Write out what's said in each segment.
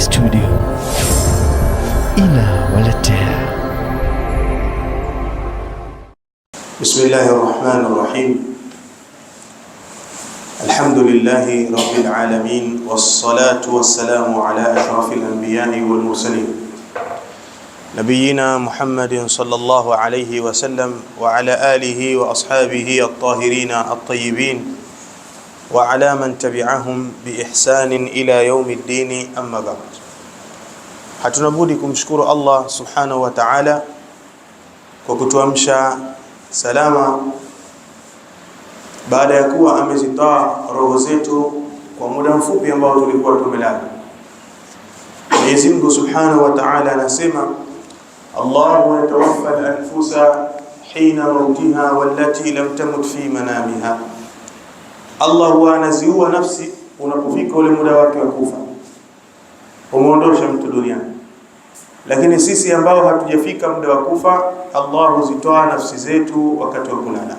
استوديو إلى ولدتها بسم الله الرحمن الرحيم الحمد لله رب العالمين والصلاة والسلام على أشرف الأنبياء والمرسلين نبينا محمد صلى الله عليه وسلم وعلى آله وأصحابه الطاهرين الطيبين وعلى من تبعهم بإحسان إلى يوم الدين أما بعد Hatuna budi kumshukuru Allah subhanahu wa ta'ala kwa kutuamsha salama baada ya kuwa amezitoa roho zetu kwa muda mfupi ambao tulikuwa tumelala. Mwenyezi Mungu subhanahu wa ta'ala anasema, Allahu yatawaffa al-anfusa hina mautiha wallati lam tamut fi manamiha, Allah huwa anaziua nafsi unapofika ule muda wake wa kufa, umeondosha mtu duniani lakini sisi ambao hatujafika muda wa kufa, Allah huzitoa nafsi zetu wakati wa kulala.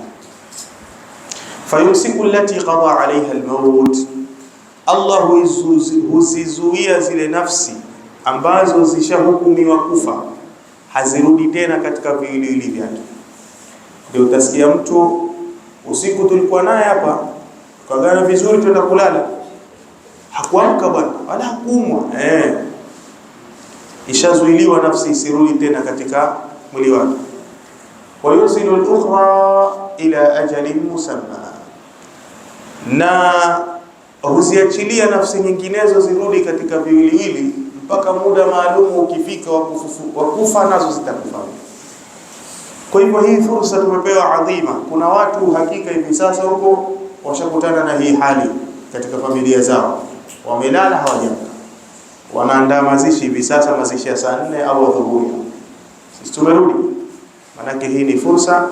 Fayumsiku allati qada alaiha almaut, Allah huzizuia zile nafsi ambazo zishahukumiwa kufa, hazirudi tena katika viwiliwili vyake. Ndio utasikia mtu usiku tulikuwa naye hapa tukagana vizuri, twenda kulala, hakuamka bwana wala hakuumwa eh ishazuiliwa nafsi isirudi tena katika mwili wake. Wayusilu al-ukhra ila ajalin musamma, na huziachilia nafsi nyinginezo zirudi katika viwiliwili mpaka muda maalum ukifika wa kufa, nazo zitakufa. Kwa hivyo hii fursa tumepewa adhima. Kuna watu hakika hivi sasa huko washakutana na hii hali katika familia zao, wamelala hawajamka wanaandaa mazishi hivi sasa, mazishi ya saa nne au adhuhuri. Sisi tumerudi, maanake hii ni fursa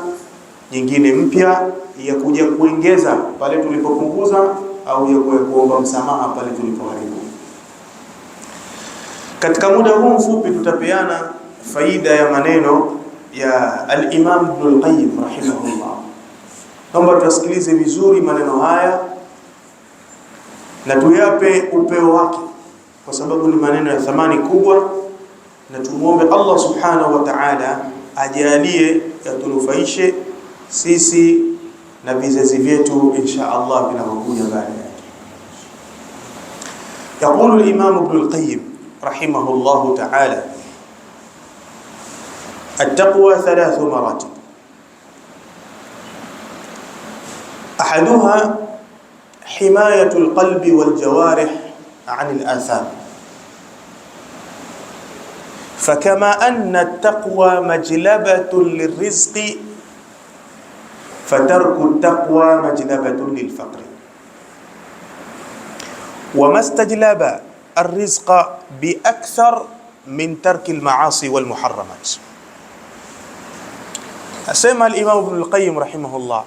nyingine mpya ya kuja kuongeza pale tulipopunguza au ya kuomba msamaha pale tulipoharibu. Katika muda huu mfupi tutapeana faida ya maneno ya al-Imam Ibn al-Qayyim rahimahullah. Naomba tuasikilize vizuri maneno haya na tuyape upeo wake kwa sababu ni maneno ya thamani kubwa, na tumuombe Allah subhanahu wa ta'ala ajalie yatunufaishe sisi na vizazi vyetu insha Allah vinavyokuja baadaye. Yaqulu al-Imam Ibn al-Qayyim rahimahullahu ta'ala التقوى ثلاث مراتب احدها حمايه القلب والجوارح عن الاثام فكما أن التقوى مجلبة للرزق فترك التقوى مجلبة للفقر وما استجلب الرزق بأكثر من ترك المعاصي والمحرمات أسمى الإمام ابن القيم رحمه الله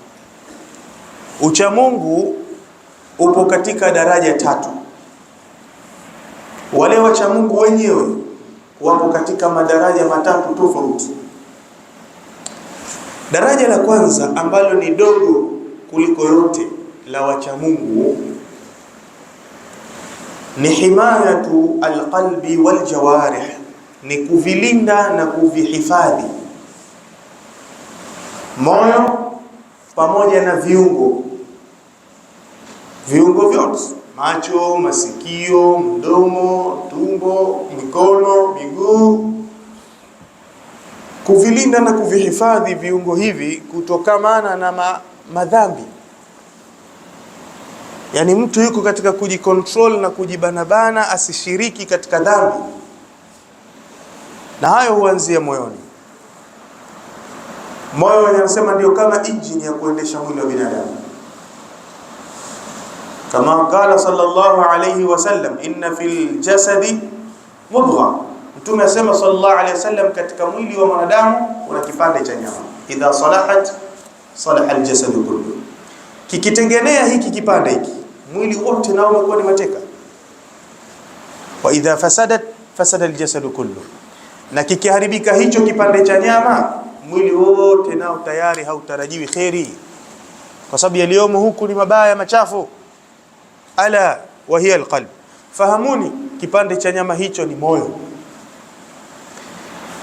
uchamungu upo katika daraja tatu ولي wachamungu wenyewe wapo katika madaraja matatu tofauti. Daraja la kwanza ambalo ni dogo kuliko yote la wachamungu ni himayatu alqalbi waljawarih, ni kuvilinda na kuvihifadhi moyo pamoja na viungo, viungo vyote macho, masikio, mdomo, tumbo, mikono, miguu. Kuvilinda na kuvihifadhi viungo hivi kutokamana na ma madhambi. Yaani mtu yuko katika kujikontrol na kujibanabana asishiriki katika dhambi, na hayo huanzia moyoni. Moyo anasema ndio kama injini ya kuendesha mwili wa binadamu. Kama qala sallallahu alayhi wasallam, inna fil jasadi mudgha, Mtume asema sallallahu alayhi wasallam, katika mwili wa mwanadamu kuna kipande cha nyama, idha salahat salaha aljasadu kullu, kikitengenea hiki kipande hiki mwili wote nao umekuwa ni mateka. Wa idha fasadat fasada aljasadu kullu, na kikiharibika hicho kipande cha nyama mwili wote nao tayari hautarajiwi kheri, kwa sababu yaliyomo huku ni mabaya machafu ala wa hiya alqalb, fahamuni kipande cha nyama hicho ni moyo.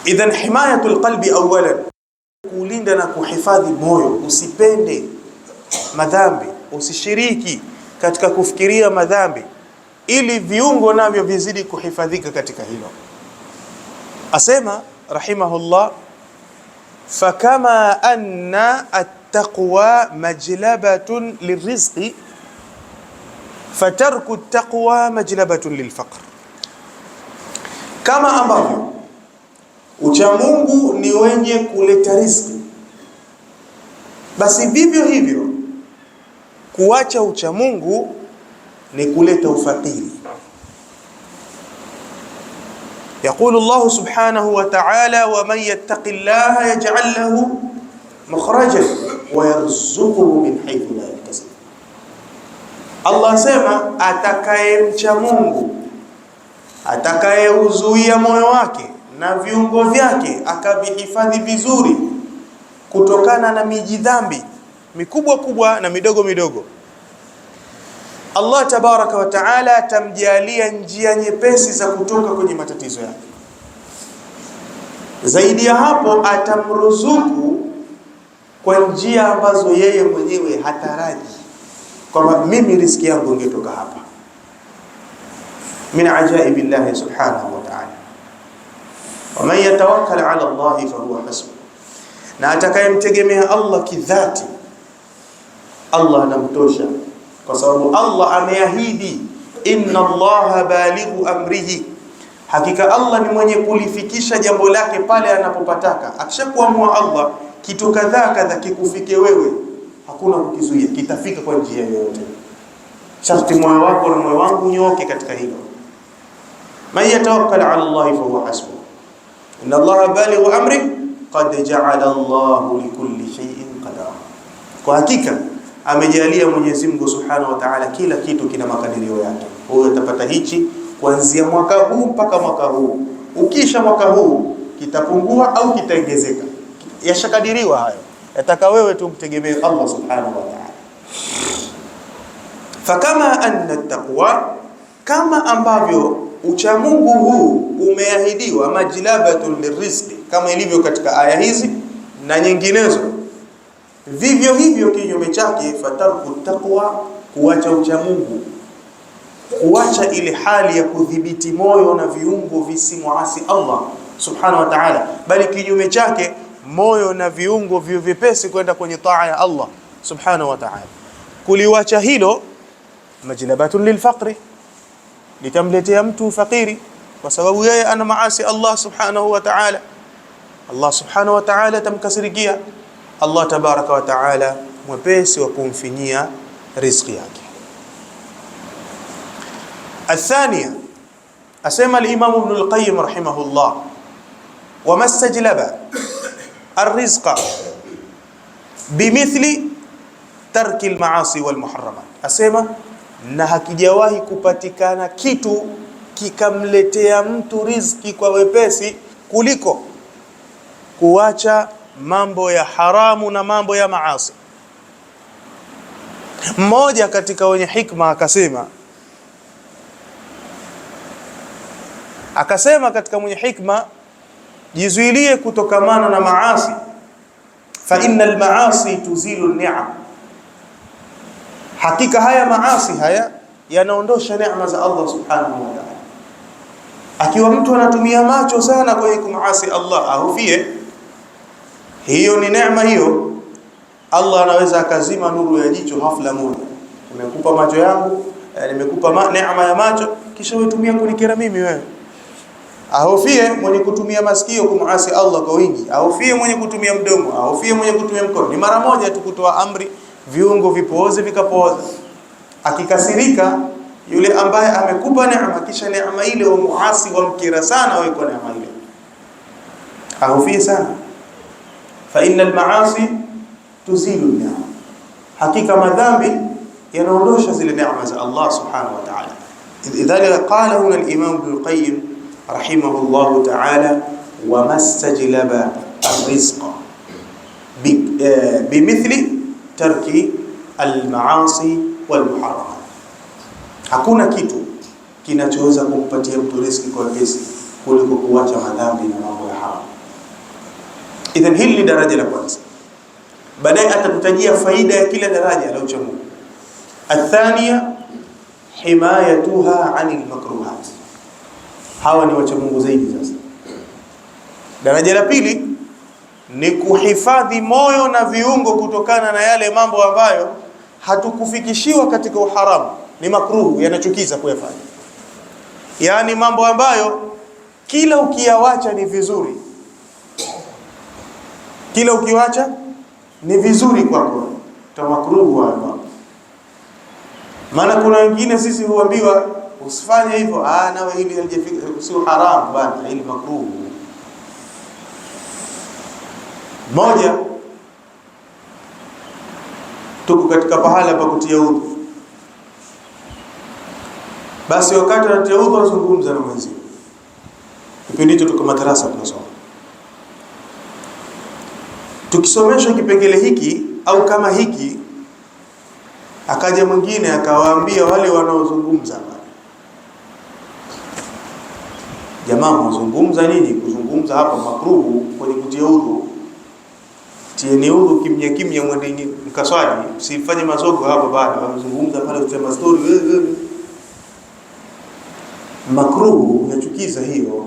Idhan himayatu alqalbi awwalan kulinda na kuhifadhi moyo, usipende madhambi, usishiriki katika kufikiria madhambi, ili viungo navyo vizidi kuhifadhika katika hilo. Asema rahimahullah, fakama anna at-taqwa majlabatun lirizqi fatarku taqwa majlabatun lilfaqr, kama ambavyo uchamungu ni wenye kuleta riziki, basi vivyo hivyo kuacha uchamungu ni kuleta ufakiri. Yaqulu llahu subhanahu wa ta'ala, waman yattaqi llaha yaj'al lahu makhrajan wa yarzuquhu min haythu la Allah asema atakayemcha Mungu, atakayeuzuia moyo wake na viungo vyake akavihifadhi vizuri kutokana na miji dhambi mikubwa kubwa na midogo midogo, Allah tabaraka wa taala atamjalia njia nyepesi za kutoka kwenye matatizo yake. Zaidi ya hapo, atamruzuku kwa njia ambazo yeye mwenyewe hataraji kwamba mimi riziki yangu ingetoka hapa. Min ajaibi llahi subhanahu wa ta'ala, waman yatawakkal ala llahi fahuwa hasbuh, na atakayemtegemea Allah kidhati, Allah anamtosha, kwa sababu Allah ameahidi, inna llaha balighu amrihi, hakika Allah ni mwenye kulifikisha jambo lake pale anapopataka. Akishakuamua Allah kitu kadhaa kadha kikufike wewe hakuna ukizuia, kitafika kwa njia yoyote. Sharti moyo wako na moyo wangu nyoke katika hilo. Man yatawakkal ala Allahi fahuwa hasbu inna Allaha balighu amri qad ja'ala Allahu likulli shay'in qadara, kwa hakika amejalia Mwenyezi Mungu Subhanahu wa Ta'ala kila kitu kina makadirio yake. Wewe utapata hichi kuanzia mwaka huu mpaka mwaka huu, ukisha mwaka huu kitapungua au kitaongezeka, yashakadiriwa hayo. Nataka wewe tu mtegemee Allah subhanahu wa ta'ala. Fakama anna taqwa, kama ambavyo uchamungu huu umeahidiwa majlabatun lirizqi, kama ilivyo katika aya hizi na nyinginezo, vivyo hivyo kinyume chake fatarku taqwa, kuacha uchamungu, kuacha ile hali ya kudhibiti moyo na viungo visimwasi Allah subhanahu wa ta'ala, bali kinyume chake moyo na viungo viwe vipesi kwenda kwenye taa ya Allah subhanahu wa ta'ala. Kuliwacha hilo majlabatun lilfaqri, litamletea mtu fakiri, kwa sababu yeye ana maasi Allah subhanahu wa ta'ala. Allah subhanahu wa ta'ala tamkasirikia Allah tabaraka wa ta'ala mwepesi wa kumfinyia riziki yake. Athania asema al-Imam Ibn al-Qayyim rahimahullah, wa mastajlaba arrizqa bimithli tarki almaasi walmuharramat, asema na hakijawahi kupatikana kitu kikamletea mtu rizki kwa wepesi kuliko kuacha mambo ya haramu na mambo ya maasi. Mmoja katika wenye hikma akasema akasema katika mwenye hikma jizuilie kutokamana na maasi, fa innal maasi tuzilu ni'am, hakika haya maasi haya yanaondosha neema za Allah subhanahu wa ta'ala. Akiwa mtu anatumia macho sana kwenye kumasi Allah, ahufie hiyo ni neema hiyo. Allah anaweza akazima nuru ya jicho hafla moja. Nimekupa macho yangu, eh, nimekupa neema ya macho, kisha wewe tumia kunikera mimi wewe ahofie mwenye kutumia masikio kumasi Allah kwa wingi, ahofie mwenye kutumia mdomo, ahofie mwenye kutumia mkono. Ni mara moja tu kutoa amri, viungo vipooze vikapooza. Akikasirika yule ambaye amekupa neema, kisha neema ile umuasi wa mkira sana wewe kwa neema ile, ahofie sana. Fa inna al-maasi tuzilu ni'am, hakika madhambi yanaondosha zile neema za Allah subhanahu wa ta'ala. Idhalika qala huna al-Imam Ibn Qayyim rahimahullahu ta'ala, wamastajlaba arrizqa bimithli eh, tarki almaasi walmuharamat. Hakuna kitu kinachoweza kumpatia mtu riski kwa wepesi kuliko kuwacha madhambi na mambo ya haramu. Idhan, hili ni daraja la kwanza. Baadaye atakutajia faida ya kila daraja la uchamungu. Athania himayatuha anil makruha hawa ni wachamungu zaidi. Sasa daraja la pili ni kuhifadhi moyo na viungo kutokana na yale mambo ambayo hatukufikishiwa katika uharamu, ni makruhu, yanachukiza kuyafanya, yaani mambo ambayo kila ukiyawacha ni vizuri, kila ukiwacha ni vizuri kwako, tamakruhu hayo Maana kuna wengine sisi huambiwa usifanye hivyo, ah, nawe hili halijafika, sio haramu bwana, hili makruh. Moja, tuko katika pahala pa kutia udhu, basi wakati anatia udhu anazungumza na mwenzio. Kipindi hicho tuko madarasa tunasoma, tukisomeshwa kipengele hiki au kama hiki, akaja mwingine akawaambia wale wanaozungumza Jamaa kuzungumza nini? Kuzungumza hapa makruhu kwenye kutia udhu. Tieni udhu kimya kimya, mwende mkaswali, msifanye mazogo hapa Baada ya kuzungumza pale kusema mastori Makruhu unachukiza hiyo.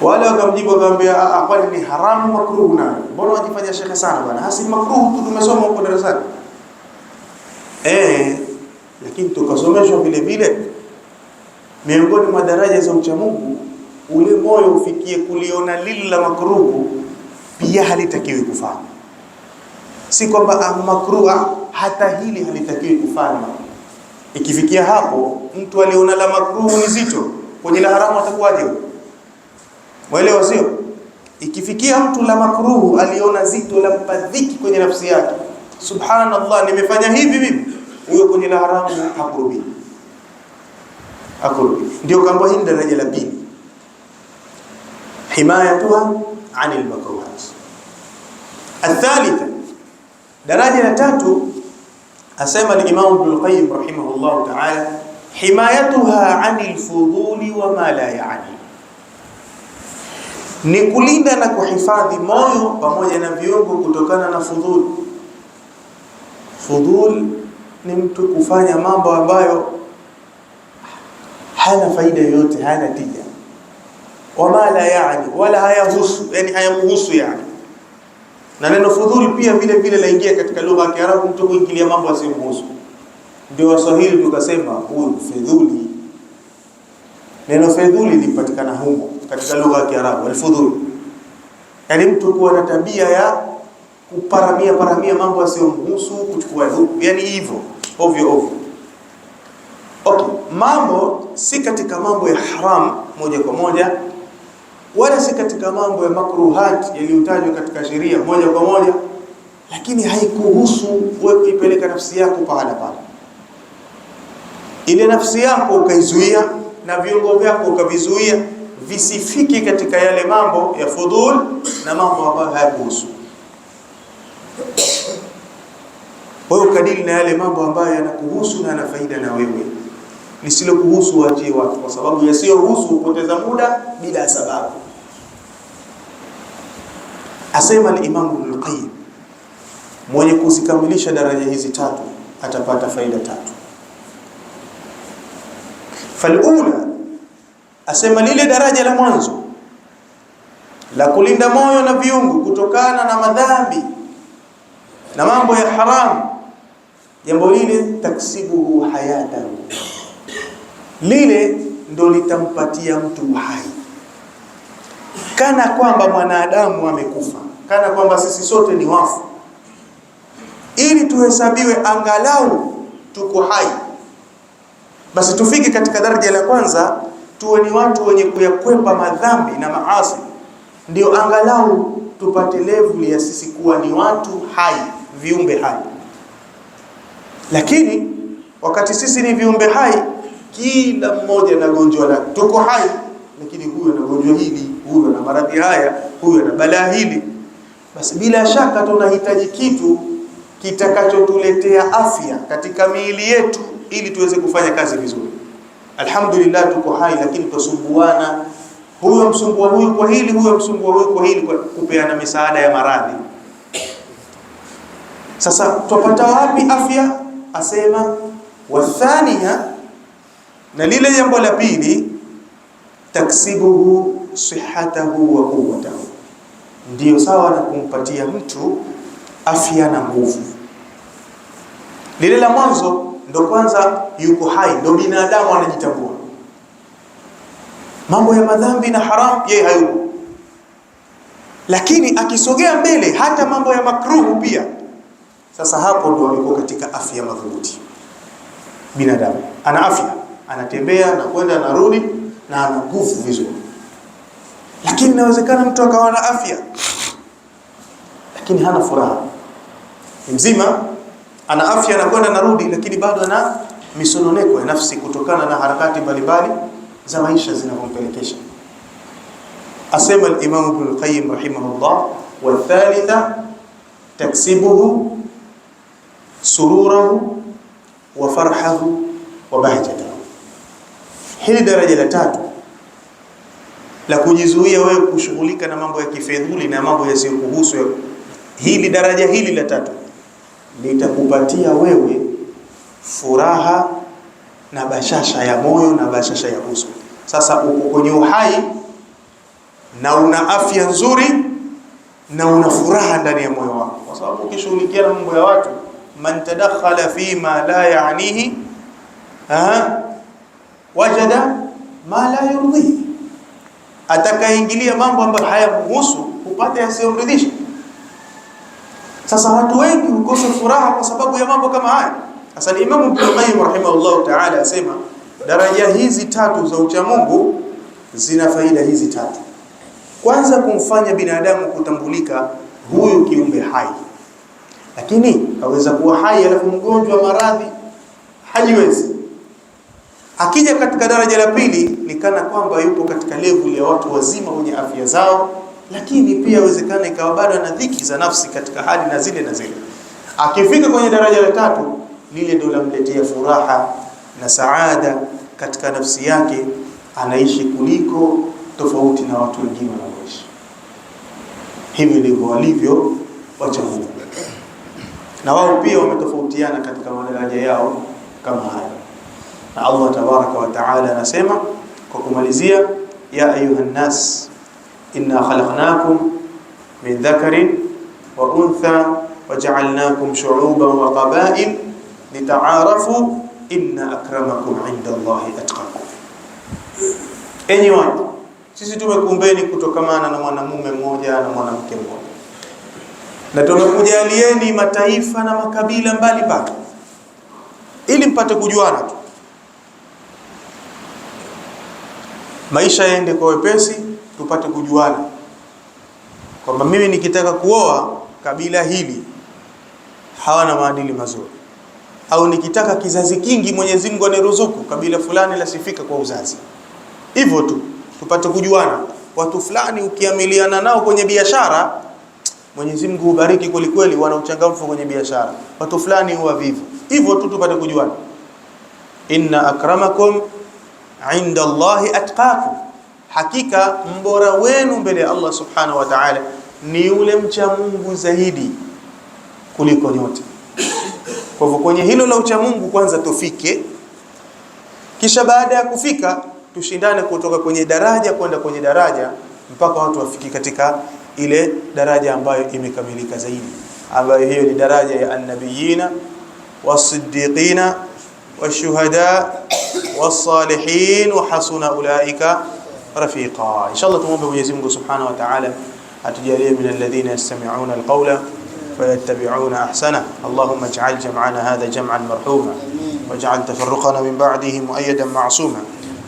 Wale wakamjibu wakamwambia, ah, ah kwani ni haramu makruhu Na Mbona wajifanya shekhe sana bwana? Hasi makruhu tu tumesoma huko darasani. Eh, lakini tukasomeshwa vile vile miongoni mwa daraja za ucha Mungu, ule moyo ufikie kuliona lile la makruhu pia halitakiwi kufanya. Si kwamba ah, makruha, ah, hata hili halitakiwi kufanya. Ikifikia hapo mtu aliona la makruhu ni zito, kwenye la haramu atakuwaje? Mwelewa, sio? Ikifikia mtu la makruhu aliona zito, la mpadhiki kwenye nafsi yake, subhanallah, nimefanya hivi vipi huyo kwenye laharamu hakurudi, hakurudi. Ndio kamba hii daraja la pili, himayatuha anil makruhat. Athalitha, daraja la tatu asema al-Imam Ibn al-Qayyim rahimahullah ta'ala, himayatuha anil fuduli wa ma la yaani ni kulinda na kuhifadhi moyo pamoja na viungo kutokana na fudhul. Fudhul ni mtu kufanya mambo ambayo hana faida yoyote, hana tija, wama la yani, wala hayahusu, yani hayamhusu yani. Na neno fudhuli pia vile vile laingia katika lugha ya Kiarabu, mtu kuingilia mambo asiyomhusu. Ndio Waswahili tukasema huyu fidhuli. Neno fidhuli lilipatikana humo katika lugha ya Kiarabu, alfudhuli, yani mtu kuwa na tabia ya kuparamia paramia mambo asiyomhusu kuwa dhupi, yani hivyo ovyo ovyo. Okay, mambo si katika mambo ya haram moja kwa moja, wala si katika mambo ya makruhat yaliyotajwa katika sheria moja kwa moja, lakini haikuhusu wewe kuipeleka nafsi yako pahala pale. Ile nafsi yako ukaizuia na viungo vyako ukavizuia visifiki katika yale mambo ya fudhul na mambo ambayo hayakuhusu kwa hiyo kadiri na yale mambo ambayo yanakuhusu na yana faida na wewe, lisilokuhusu waachie watu, kwa sababu yasiyohusu hupoteza muda bila sababu. Asema al-Imam Ibn Qayyim, mwenye kuzikamilisha daraja hizi tatu atapata faida tatu. Falula, asema lile daraja la mwanzo la kulinda moyo na viungo kutokana na madhambi na mambo ya haramu jambo lile taksibuhu hayatan, lile ndo litampatia mtu uhai. Kana kwamba mwanadamu amekufa, kana kwamba sisi sote ni wafu, ili tuhesabiwe angalau tuko hai, basi tufike katika daraja la kwanza, tuwe ni watu wenye kuyakwepa madhambi na maasi, ndio angalau tupate levuli ya sisi kuwa ni watu hai, viumbe hai. Lakini wakati sisi ni viumbe hai, kila mmoja na gonjwa la Tuko hai, lakini huyu ana gonjwa hili, huyu ana maradhi haya, huyu ana balaa hili. Basi bila shaka tunahitaji kitu kitakachotuletea afya katika miili yetu ili tuweze kufanya kazi vizuri. Alhamdulillah, tuko hai lakini tusumbuana huyo msumbua huyu kwa hili, huyo msumbua huyu kwa hili, kwa kupeana misaada ya maradhi. Sasa tupata wapi afya? asema wathania, na lile jambo la pili taksibuhu sihatahu wa quwwatahu, ndio sawa na kumpatia mtu afya na nguvu. Lile la mwanzo ndo kwanza yuko hai, ndo binadamu anajitambua. Mambo ya madhambi na haramu yeye hayuko, lakini akisogea mbele, hata mambo ya makruhu pia sasa hapo ndio alikuwa katika afya madhubuti. Binadamu ana afya, anatembea na kwenda na rudi, na ana nguvu vizuri, lakini inawezekana mtu akawa na afya lakini hana furaha, mzima ana afya, anakwenda rudi, lakini bado ana misononeko ya nafsi kutokana na harakati mbalimbali za maisha zinavyompelekesha. Asema al-Imam Ibn Qayyim rahimahullah, wa thalitha taksibuhu sururahu wa farhahu wa bahjatahu. Hili daraja la tatu la kujizuia wewe kushughulika na mambo ya kifedhuli na mambo yasiyokuhusu, hili daraja hili la tatu litakupatia wewe furaha na bashasha ya moyo na bashasha ya uso. Sasa uko kwenye uhai na una afya nzuri na una furaha ndani ya moyo wako, kwa sababu ukishughulikia na mambo ya watu man tadakhala fi ma la yanihi wajada ma la yurdhihi, atakaingilia mambo ambayo hayamhusu upate yasiyomridhisha. Sasa watu wengi hukosa furaha kwa sababu ya mambo kama haya. Sasa Imam Ibn Qayyim rahimahullah ta'ala asema daraja hizi tatu za uchamungu zina faida hizi tatu. Kwanza, kumfanya binadamu kutambulika huyu kiumbe hai lakini aweza kuwa hai alafu mgonjwa maradhi hajiwezi. Akija katika daraja la pili ni kana kwamba yupo katika level ya watu wazima wenye afya zao, lakini pia awezekana ikawa bado ana dhiki za nafsi katika hali na zile na zile. Akifika kwenye daraja la tatu, lile ndio lamletea furaha na saada katika nafsi yake, anaishi kuliko tofauti na watu wengine wanaoishi hivi. Ndivyo walivyo wacha Mungu na wao pia wametofautiana katika madaraja yao kama haya, na Allah tabaraka wa taala anasema kwa kumalizia, ya ayuha nnas inna khalaqnakum min dhakarin wa untha ja'alnakum shu'uban wa qabail litaarafu inna akramakum inda Allahi atqakum, enyi watu, sisi tumekumbeni kutokamana na mwanamume mmoja na mwanamke mmoja na tumekujalieni mataifa na makabila mbalimbali ili mpate kujuana tu, maisha yaende kwa wepesi, tupate kujuana kwamba mimi nikitaka kuoa kabila hili hawana maadili mazuri, au nikitaka kizazi kingi, Mwenyezi Mungu aniruzuku kabila fulani lasifika kwa uzazi. Hivyo tu tupate kujuana, watu fulani ukiamiliana nao kwenye biashara Mwenyezi Mungu kweli kwelikweli, wana uchangamfu kwenye biashara, watu fulani huwa vivu hivyo tu, tupate kujuana. Inna akramakum inda Allahi atqakum, hakika mbora wenu mbele ya Allah subhanahu wa ta'ala ni yule mcha Mungu zaidi kuliko nyote. Kwa hivyo kwenye hilo la ucha Mungu kwanza tufike, kisha baada ya kufika tushindane kutoka kwenye daraja kwenda kwenye daraja mpaka watu wafiki katika ile daraja ambayo imekamilika zaidi ambayo hiyo ni daraja ya annabiyina wasiddiqina washuhada wasalihin wa hasuna ulaika rafiqa inshallah tumuombe Mwenyezi Mungu Subhanahu wa Ta'ala atujalie min alladhina yastami'una alqawla فيتبعون أحسنه اللهم اجعل جمعنا هذا جمعا مرحوما واجعل تفرقنا من بعده مؤيدا معصوما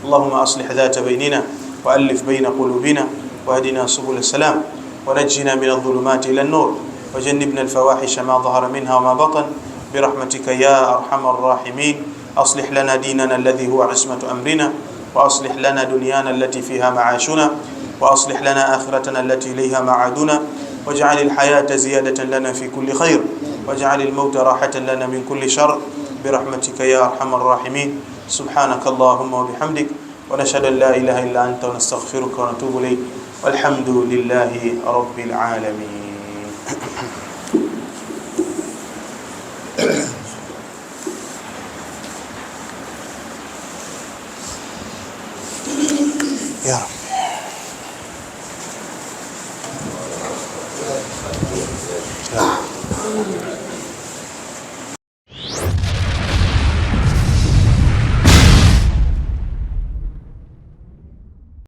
اللهم أصلح ذات بيننا وألف بين قلوبنا واهدنا سبل السلام ونجنا من الظلمات إلى النور وجنبنا الفواحش ما ظهر منها وما بطن برحمتك يا أرحم الراحمين أصلح لنا ديننا الذي هو عصمة أمرنا وأصلح لنا دنيانا التي فيها معاشنا وأصلح لنا آخرتنا التي إليها معادنا واجعل الحياة زيادة لنا في كل خير واجعل الموت راحة لنا من كل شر برحمتك يا أرحم الراحمين سبحانك اللهم وبحمدك ونشهد أن لا إله إلا أنت ونستغفرك ونتوب إليك والحمد لله رب العالمين يا رب